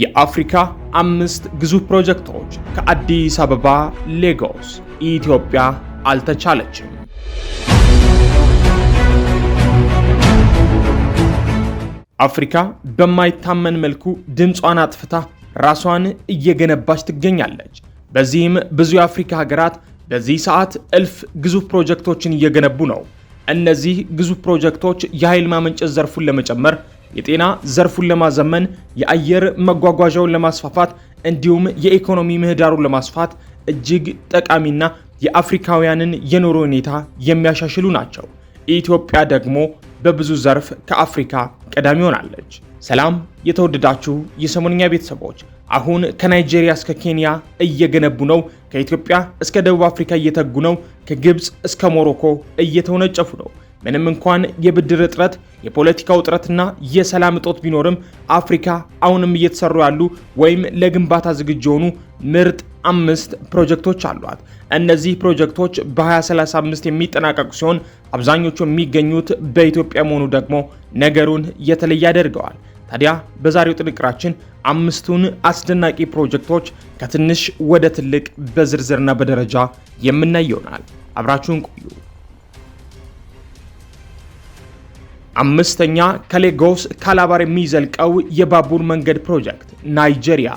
የአፍሪካ አምስት ግዙፍ ፕሮጀክቶች ከአዲስ አበባ ሌጎስ፣ ኢትዮጵያ አልተቻለችም። አፍሪካ በማይታመን መልኩ ድምጿን አጥፍታ ራሷን እየገነባች ትገኛለች። በዚህም ብዙ የአፍሪካ ሀገራት በዚህ ሰዓት እልፍ ግዙፍ ፕሮጀክቶችን እየገነቡ ነው። እነዚህ ግዙፍ ፕሮጀክቶች የኃይል ማመንጨት ዘርፉን ለመጨመር የጤና ዘርፉን ለማዘመን የአየር መጓጓዣውን ለማስፋፋት እንዲሁም የኢኮኖሚ ምህዳሩን ለማስፋት እጅግ ጠቃሚና የአፍሪካውያንን የኑሮ ሁኔታ የሚያሻሽሉ ናቸው። ኢትዮጵያ ደግሞ በብዙ ዘርፍ ከአፍሪካ ቀዳሚ ሆናለች። ሰላም የተወደዳችሁ የሰሞንኛ ቤተሰቦች፣ አሁን ከናይጄሪያ እስከ ኬንያ እየገነቡ ነው። ከኢትዮጵያ እስከ ደቡብ አፍሪካ እየተጉ ነው። ከግብፅ እስከ ሞሮኮ እየተወነጨፉ ነው። ምንም እንኳን የብድር እጥረት፣ የፖለቲካ ውጥረትና የሰላም እጦት ቢኖርም አፍሪካ አሁንም እየተሰሩ ያሉ ወይም ለግንባታ ዝግጁ የሆኑ ምርጥ አምስት ፕሮጀክቶች አሏት። እነዚህ ፕሮጀክቶች በ2035 የሚጠናቀቁ ሲሆን አብዛኞቹ የሚገኙት በኢትዮጵያ መሆኑ ደግሞ ነገሩን የተለየ ያደርገዋል። ታዲያ በዛሬው ጥንቅራችን አምስቱን አስደናቂ ፕሮጀክቶች ከትንሽ ወደ ትልቅ በዝርዝርና በደረጃ የምናይ ይሆናል። አብራችሁን ቆዩ። አምስተኛ ከሌጎስ ካላባር የሚዘልቀው የባቡር መንገድ ፕሮጀክት ናይጄሪያ።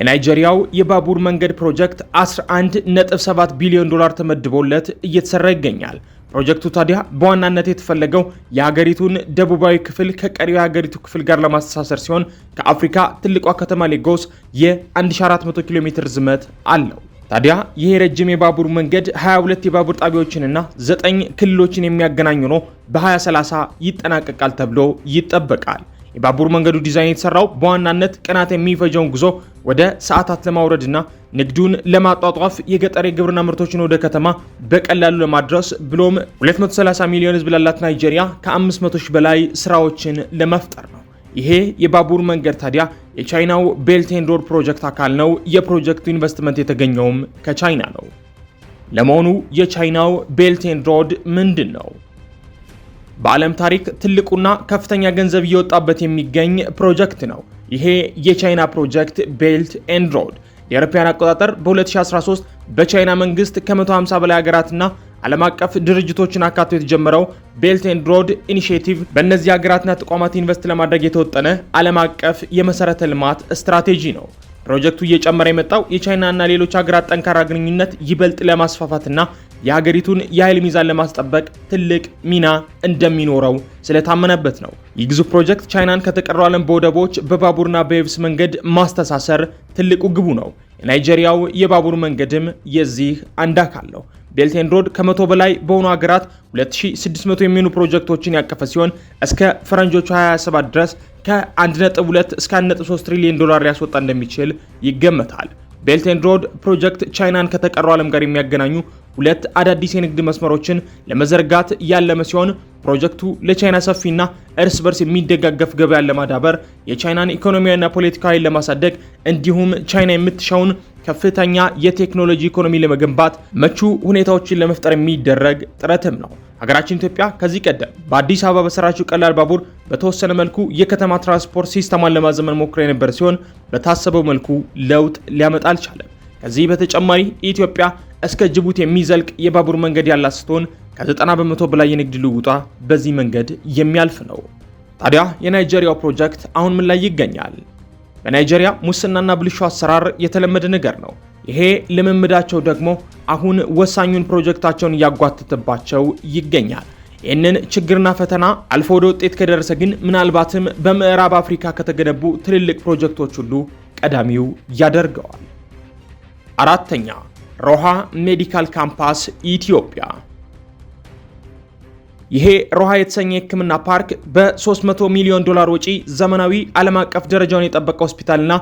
የናይጄሪያው የባቡር መንገድ ፕሮጀክት 11.7 ቢሊዮን ዶላር ተመድቦለት እየተሰራ ይገኛል። ፕሮጀክቱ ታዲያ በዋናነት የተፈለገው የሀገሪቱን ደቡባዊ ክፍል ከቀሪው የሀገሪቱ ክፍል ጋር ለማስተሳሰር ሲሆን ከአፍሪካ ትልቋ ከተማ ሌጎስ የ1400 ኪሎ ሜትር ዝመት አለው። ታዲያ ይህ ረጅም የባቡር መንገድ 22 የባቡር ጣቢያዎችንና 9 ክልሎችን የሚያገናኝ ሆኖ በ2030 ይጠናቀቃል ተብሎ ይጠበቃል። የባቡር መንገዱ ዲዛይን የተሰራው በዋናነት ቀናት የሚፈጀውን ጉዞ ወደ ሰዓታት ለማውረድና ንግዱን ለማጧጧፍ የገጠር የግብርና ምርቶችን ወደ ከተማ በቀላሉ ለማድረስ ብሎም 230 ሚሊዮን ሕዝብ ላላት ናይጄሪያ ከ500 ሺህ በላይ ስራዎችን ለመፍጠር ነው። ይሄ የባቡር መንገድ ታዲያ የቻይናው ቤልት ኤንድ ሮድ ፕሮጀክት አካል ነው። የፕሮጀክቱ ኢንቨስትመንት የተገኘውም ከቻይና ነው። ለመሆኑ የቻይናው ቤልት ኤንድ ሮድ ምንድን ነው? በዓለም ታሪክ ትልቁና ከፍተኛ ገንዘብ እየወጣበት የሚገኝ ፕሮጀክት ነው። ይሄ የቻይና ፕሮጀክት ቤልት ኤንድ ሮድ የአውሮፓውያን አቆጣጠር በ2013 በቻይና መንግስት ከ150 በላይ ሀገራትና ዓለም አቀፍ ድርጅቶችን አካቶ የተጀመረው ቤልት ኤንድ ሮድ ኢኒሽቲቭ በእነዚህ ሀገራትና ተቋማት ኢንቨስት ለማድረግ የተወጠነ ዓለም አቀፍ የመሰረተ ልማት ስትራቴጂ ነው። ፕሮጀክቱ እየጨመረ የመጣው የቻይናና ሌሎች ሀገራት ጠንካራ ግንኙነት ይበልጥ ለማስፋፋትና የሀገሪቱን የኃይል ሚዛን ለማስጠበቅ ትልቅ ሚና እንደሚኖረው ስለታመነበት ነው። ይህ ግዙፍ ፕሮጀክት ቻይናን ከተቀረው ዓለም በወደቦች በባቡርና በየብስ መንገድ ማስተሳሰር ትልቁ ግቡ ነው። የናይጄሪያው የባቡር መንገድም የዚህ አንድ አካል ነው። ቤልቴን ሮድ ከመቶ በላይ በሆኑ ሀገራት 2600 የሚሆኑ ፕሮጀክቶችን ያቀፈ ሲሆን እስከ ፈረንጆቹ 27 ድረስ ከ1.2 እስከ 1.3 ትሪሊዮን ዶላር ሊያስወጣ እንደሚችል ይገመታል። ቤልቴን ሮድ ፕሮጀክት ቻይናን ከተቀረው ዓለም ጋር የሚያገናኙ ሁለት አዳዲስ የንግድ መስመሮችን ለመዘርጋት ያለመ ሲሆን ፕሮጀክቱ ለቻይና ሰፊና እርስ በርስ የሚደጋገፍ ገበያን ለማዳበር የቻይናን ኢኮኖሚያዊና ፖለቲካዊ ለማሳደግ እንዲሁም ቻይና የምትሻውን ከፍተኛ የቴክኖሎጂ ኢኮኖሚ ለመገንባት ምቹ ሁኔታዎችን ለመፍጠር የሚደረግ ጥረትም ነው። ሀገራችን ኢትዮጵያ ከዚህ ቀደም በአዲስ አበባ በሰራችው ቀላል ባቡር በተወሰነ መልኩ የከተማ ትራንስፖርት ሲስተማን ለማዘመን ሞክረ የነበረ ሲሆን በታሰበው መልኩ ለውጥ ሊያመጣ አልቻለም። ከዚህ በተጨማሪ ኢትዮጵያ እስከ ጅቡቲ የሚዘልቅ የባቡር መንገድ ያላት ስትሆን ከ90 በመቶ በላይ የንግድ ልውጧ በዚህ መንገድ የሚያልፍ ነው። ታዲያ የናይጄሪያው ፕሮጀክት አሁን ምን ላይ ይገኛል? በናይጄሪያ ሙስናና ብልሹ አሰራር የተለመደ ነገር ነው። ይሄ ልምምዳቸው ደግሞ አሁን ወሳኙን ፕሮጀክታቸውን እያጓተተባቸው ይገኛል። ይህንን ችግርና ፈተና አልፎ ወደ ውጤት ከደረሰ ግን ምናልባትም በምዕራብ አፍሪካ ከተገነቡ ትልልቅ ፕሮጀክቶች ሁሉ ቀዳሚው ያደርገዋል። አራተኛ ሮሃ ሜዲካል ካምፓስ ኢትዮጵያ። ይሄ ሮሃ የተሰኘ የህክምና ፓርክ በ300 ሚሊዮን ዶላር ወጪ ዘመናዊ ዓለም አቀፍ ደረጃውን የጠበቀ ሆስፒታልና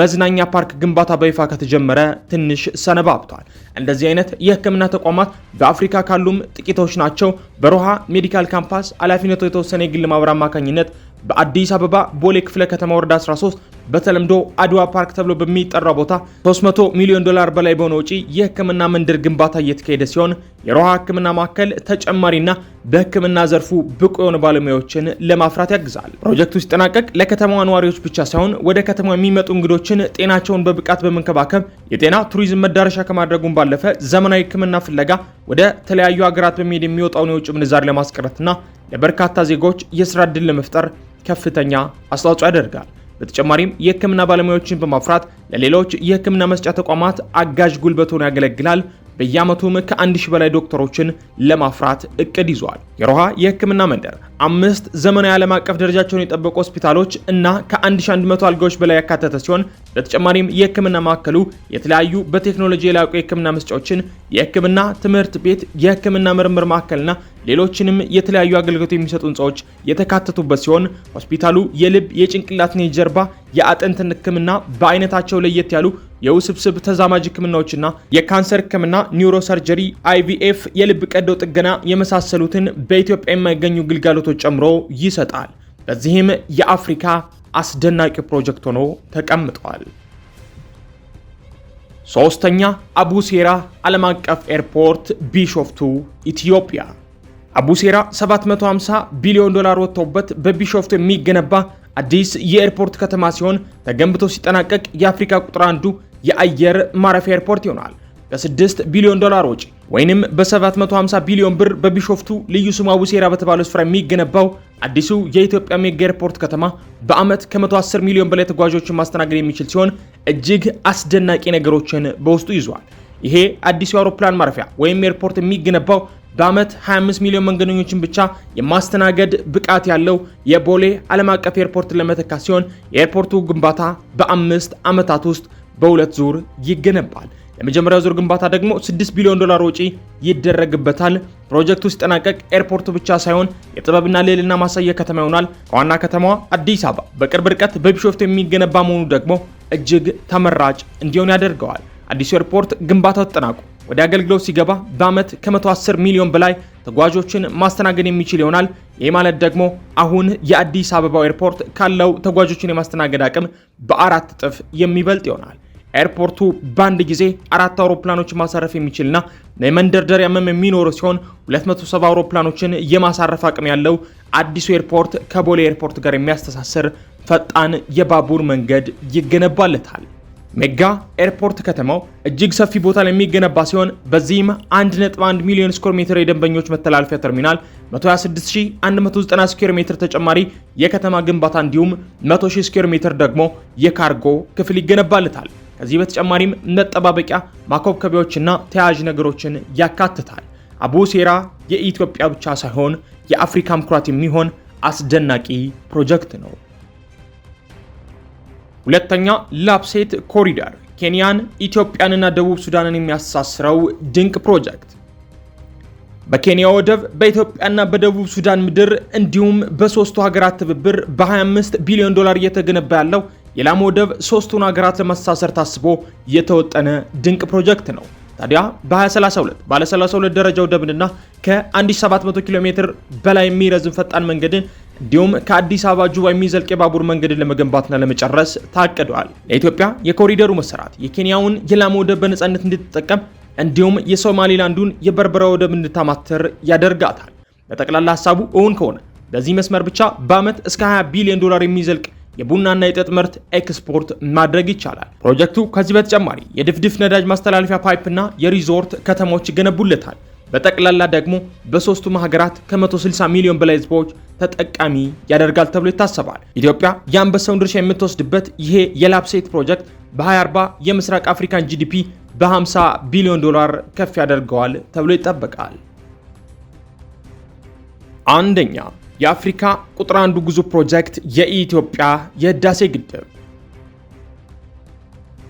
መዝናኛ ፓርክ ግንባታ በይፋ ከተጀመረ ትንሽ ሰነባብቷል። እንደዚህ አይነት የህክምና ተቋማት በአፍሪካ ካሉም ጥቂቶች ናቸው። በሮሃ ሜዲካል ካምፓስ ኃላፊነቱ የተወሰነ የግል ማህበር አማካኝነት በአዲስ አበባ ቦሌ ክፍለ ከተማ ወረዳ 13 በተለምዶ አድዋ ፓርክ ተብሎ በሚጠራው ቦታ 300 ሚሊዮን ዶላር በላይ በሆነ ውጪ የህክምና መንደር ግንባታ እየተካሄደ ሲሆን የሮሃ ህክምና ማዕከል ተጨማሪና በህክምና ዘርፉ ብቁ የሆኑ ባለሙያዎችን ለማፍራት ያግዛል። ፕሮጀክቱ ሲጠናቀቅ ለከተማዋ ነዋሪዎች ብቻ ሳይሆን ወደ ከተማ የሚመጡ እንግዶ ዜጎችን ጤናቸውን በብቃት በመንከባከብ የጤና ቱሪዝም መዳረሻ ከማድረጉን ባለፈ ዘመናዊ ሕክምና ፍለጋ ወደ ተለያዩ ሀገራት በመሄድ የሚወጣውን የውጭ ምንዛሪ ለማስቀረትና ለበርካታ ዜጎች የስራ እድል ለመፍጠር ከፍተኛ አስተዋጽኦ ያደርጋል። በተጨማሪም የህክምና ባለሙያዎችን በማፍራት ለሌሎች የህክምና መስጫ ተቋማት አጋዥ ጉልበት ሆኖ ያገለግላል። በየዓመቱም ከአንድ ሺህ በላይ ዶክተሮችን ለማፍራት እቅድ ይዟል። የሮሃ የህክምና መንደር አምስት ዘመናዊ ዓለም አቀፍ ደረጃቸውን የጠበቁ ሆስፒታሎች እና ከ1100 አልጋዎች በላይ ያካተተ ሲሆን በተጨማሪም የህክምና ማዕከሉ የተለያዩ በቴክኖሎጂ የላቁ የህክምና መስጫዎችን፣ የህክምና ትምህርት ቤት፣ የህክምና ምርምር ማዕከልና ሌሎችንም የተለያዩ አገልግሎት የሚሰጡ ህንፃዎች የተካተቱበት ሲሆን ሆስፒታሉ የልብ የጭንቅላትን፣ የጀርባ የአጥንትን ህክምና በአይነታቸው ለየት ያሉ የውስብስብ ተዛማጅ ህክምናዎችና የካንሰር ህክምና፣ ኒውሮሰርጀሪ፣ አይቪኤፍ፣ የልብ ቀዶ ጥገና የመሳሰሉትን በኢትዮጵያ የማይገኙ ግልጋሎቶች ጨምሮ ይሰጣል። በዚህም የአፍሪካ አስደናቂ ፕሮጀክት ሆኖ ተቀምጧል። ሶስተኛ አቡሴራ ዓለም አቀፍ ኤርፖርት ቢሾፍቱ ኢትዮጵያ። አቡሴራ 750 ቢሊዮን ዶላር ወጥቶበት በቢሾፍቱ የሚገነባ አዲስ የኤርፖርት ከተማ ሲሆን ተገንብቶ ሲጠናቀቅ የአፍሪካ ቁጥር አንዱ የአየር ማረፊያ ኤርፖርት ይሆናል በ ከ6 ቢሊዮን ዶላር ወጪ ወይንም በ750 ቢሊዮን ብር በቢሾፍቱ ልዩ ስሙ አቡሴራ በተባለው ስፍራ የሚገነባው አዲሱ የኢትዮጵያ ሜጋ ኤርፖርት ከተማ በዓመት ከ110 ሚሊዮን በላይ ተጓዦችን ማስተናገድ የሚችል ሲሆን እጅግ አስደናቂ ነገሮችን በውስጡ ይዟል። ይሄ አዲሱ የአውሮፕላን ማረፊያ ወይም ኤርፖርት የሚገነባው በዓመት 25 ሚሊዮን መንገደኞችን ብቻ የማስተናገድ ብቃት ያለው የቦሌ ዓለም አቀፍ ኤርፖርት ለመተካት ሲሆን የኤርፖርቱ ግንባታ በአምስት ዓመታት ውስጥ በሁለት ዙር ይገነባል። የመጀመሪያው ዙር ግንባታ ደግሞ 6 ቢሊዮን ዶላር ወጪ ይደረግበታል። ፕሮጀክቱ ሲጠናቀቅ ኤርፖርቱ ብቻ ሳይሆን የጥበብና ልዕልና ማሳያ ከተማ ይሆናል። ከዋና ከተማዋ አዲስ አበባ በቅርብ ርቀት በቢሾፍቱ የሚገነባ መሆኑ ደግሞ እጅግ ተመራጭ እንዲሆን ያደርገዋል። አዲሱ ኤርፖርት ግንባታው ተጠናቁ ወደ አገልግሎት ሲገባ በዓመት ከ110 ሚሊዮን በላይ ተጓዦችን ማስተናገድ የሚችል ይሆናል። ይህ ማለት ደግሞ አሁን የአዲስ አበባው ኤርፖርት ካለው ተጓዦችን የማስተናገድ አቅም በአራት እጥፍ የሚበልጥ ይሆናል። ኤርፖርቱ በአንድ ጊዜ አራት አውሮፕላኖችን ማሳረፍ የሚችልና የመንደርደሪያ መም የሚኖሩ ሲሆን 270 አውሮፕላኖችን የማሳረፍ አቅም ያለው አዲሱ ኤርፖርት ከቦሌ ኤርፖርት ጋር የሚያስተሳስር ፈጣን የባቡር መንገድ ይገነባለታል። ሜጋ ኤርፖርት ከተማው እጅግ ሰፊ ቦታ የሚገነባ ሲሆን በዚህም 1.1 ሚሊዮን ስኩዌር ሜትር የደንበኞች መተላለፊያ ተርሚናል፣ 126190 ስኩዌር ሜትር ተጨማሪ የከተማ ግንባታ እንዲሁም 100000 ስኩዌር ሜትር ደግሞ የካርጎ ክፍል ይገነባልታል። ከዚህ በተጨማሪም መጠባበቂያ ማኮብኮቢያዎችና ተያያዥ ነገሮችን ያካትታል። አቡሴራ የኢትዮጵያ ብቻ ሳይሆን የአፍሪካም ኩራት የሚሆን አስደናቂ ፕሮጀክት ነው። ሁለተኛ ላፕሴት ኮሪደር ኬንያን፣ ኢትዮጵያንና ደቡብ ሱዳንን የሚያሳስረው ድንቅ ፕሮጀክት በኬንያ ወደብ በኢትዮጵያና በደቡብ ሱዳን ምድር እንዲሁም በሶስቱ ሀገራት ትብብር በ25 ቢሊዮን ዶላር እየተገነባ ያለው የላም ወደብ ሶስቱን ሀገራት ለማሳሰር ታስቦ የተወጠነ ድንቅ ፕሮጀክት ነው። ታዲያ በ2032 ባለ 32 ደረጃ ወደብንና ከ1700 ኪሎ ሜትር በላይ የሚረዝም ፈጣን መንገድን እንዲሁም ከአዲስ አበባ ጁባ የሚዘልቅ የባቡር መንገድን ለመገንባትና ለመጨረስ ታቅደዋል። ለኢትዮጵያ የኮሪደሩ መሰራት የኬንያውን የላሙ ወደብ በነፃነት እንድትጠቀም እንዲሁም የሶማሌላንዱን የበርበራ ወደብ እንድታማትር ያደርጋታል። በጠቅላላ ሀሳቡ እውን ከሆነ በዚህ መስመር ብቻ በዓመት እስከ 20 ቢሊዮን ዶላር የሚዘልቅ የቡናና የጠጥ ምርት ኤክስፖርት ማድረግ ይቻላል። ፕሮጀክቱ ከዚህ በተጨማሪ የድፍድፍ ነዳጅ ማስተላለፊያ ፓይፕና የሪዞርት ከተሞች ይገነቡለታል። በጠቅላላ ደግሞ በሶስቱም ሀገራት ከ160 ሚሊዮን በላይ ህዝቦች ተጠቃሚ ያደርጋል ተብሎ ይታሰባል። ኢትዮጵያ የአንበሳውን ድርሻ የምትወስድበት ይሄ የላፕሴት ፕሮጀክት በ2040 የምስራቅ አፍሪካን ጂዲፒ በ50 ቢሊዮን ዶላር ከፍ ያደርገዋል ተብሎ ይጠበቃል። አንደኛ የአፍሪካ ቁጥር አንዱ ግዙፍ ፕሮጀክት የኢትዮጵያ የህዳሴ ግድብ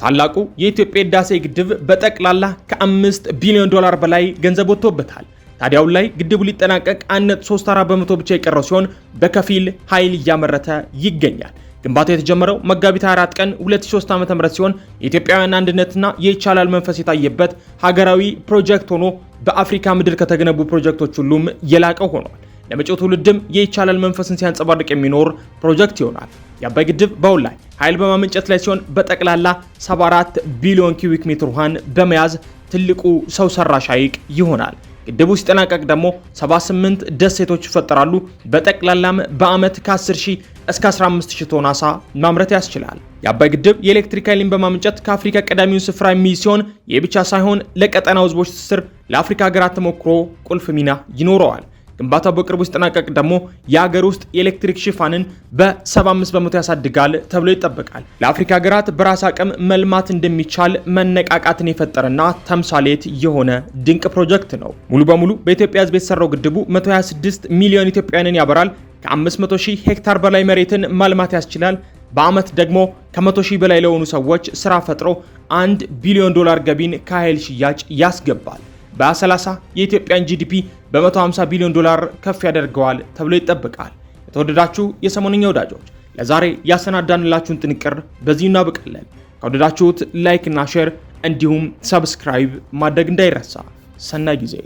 ታላቁ የኢትዮጵያ ህዳሴ ግድብ በጠቅላላ ከአምስት ቢሊዮን ዶላር በላይ ገንዘብ ወጥቶበታል። ታዲያውን ላይ ግድቡ ሊጠናቀቅ 1.34 በመቶ ብቻ የቀረው ሲሆን በከፊል ኃይል እያመረተ ይገኛል። ግንባታው የተጀመረው መጋቢት 24 ቀን 2003 ዓ.ም ሲሆን የኢትዮጵያውያን አንድነትና የይቻላል መንፈስ የታየበት ሀገራዊ ፕሮጀክት ሆኖ በአፍሪካ ምድር ከተገነቡ ፕሮጀክቶች ሁሉም የላቀው ሆኗል። ለመጪው ትውልድም የይቻላል መንፈስን ሲያንጸባርቅ የሚኖር ፕሮጀክት ይሆናል። የአባይ ግድብ በአሁን ላይ ኃይል በማመንጨት ላይ ሲሆን በጠቅላላ 74 ቢሊዮን ኪዩቢክ ሜትር ውሃን በመያዝ ትልቁ ሰው ሰራሽ ሐይቅ ይሆናል። ግድቡ ሲጠናቀቅ ደግሞ 78 ደሴቶች ይፈጠራሉ። በጠቅላላም በዓመት ከ10 ሺህ እስከ 15 ሺህ ቶን አሳ ማምረት ያስችላል። የአባይ ግድብ የኤሌክትሪክ ኃይልን በማመንጨት ከአፍሪካ ቀዳሚውን ስፍራ የሚይዝ ሲሆን ይህ ብቻ ሳይሆን ለቀጠናው ህዝቦች ትስስር፣ ለአፍሪካ ሀገራት ተሞክሮ ቁልፍ ሚና ይኖረዋል። ግንባታው በቅርቡ ሲጠናቀቅ ደግሞ የሀገር ውስጥ የኤሌክትሪክ ሽፋንን በ75 በመቶ ያሳድጋል ተብሎ ይጠበቃል። ለአፍሪካ ሀገራት በራስ አቅም መልማት እንደሚቻል መነቃቃትን የፈጠረና ተምሳሌት የሆነ ድንቅ ፕሮጀክት ነው። ሙሉ በሙሉ በኢትዮጵያ ሕዝብ የተሰራው ግድቡ 126 ሚሊዮን ኢትዮጵያውያንን ያበራል። ከ500 ሺህ ሄክታር በላይ መሬትን ማልማት ያስችላል። በአመት ደግሞ ከ100 ሺህ በላይ ለሆኑ ሰዎች ስራ ፈጥሮ 1 ቢሊዮን ዶላር ገቢን ከኃይል ሽያጭ ያስገባል። በ30 የኢትዮጵያን ጂዲፒ በ150 ቢሊዮን ዶላር ከፍ ያደርገዋል ተብሎ ይጠበቃል። የተወደዳችሁ የሰሞንኛ ወዳጆች ለዛሬ ያሰናዳንላችሁን ጥንቅር በዚሁ እናብቃለን። ከወደዳችሁት ላይክ እና ሼር እንዲሁም ሰብስክራይብ ማድረግ እንዳይረሳ። ሰናይ ጊዜ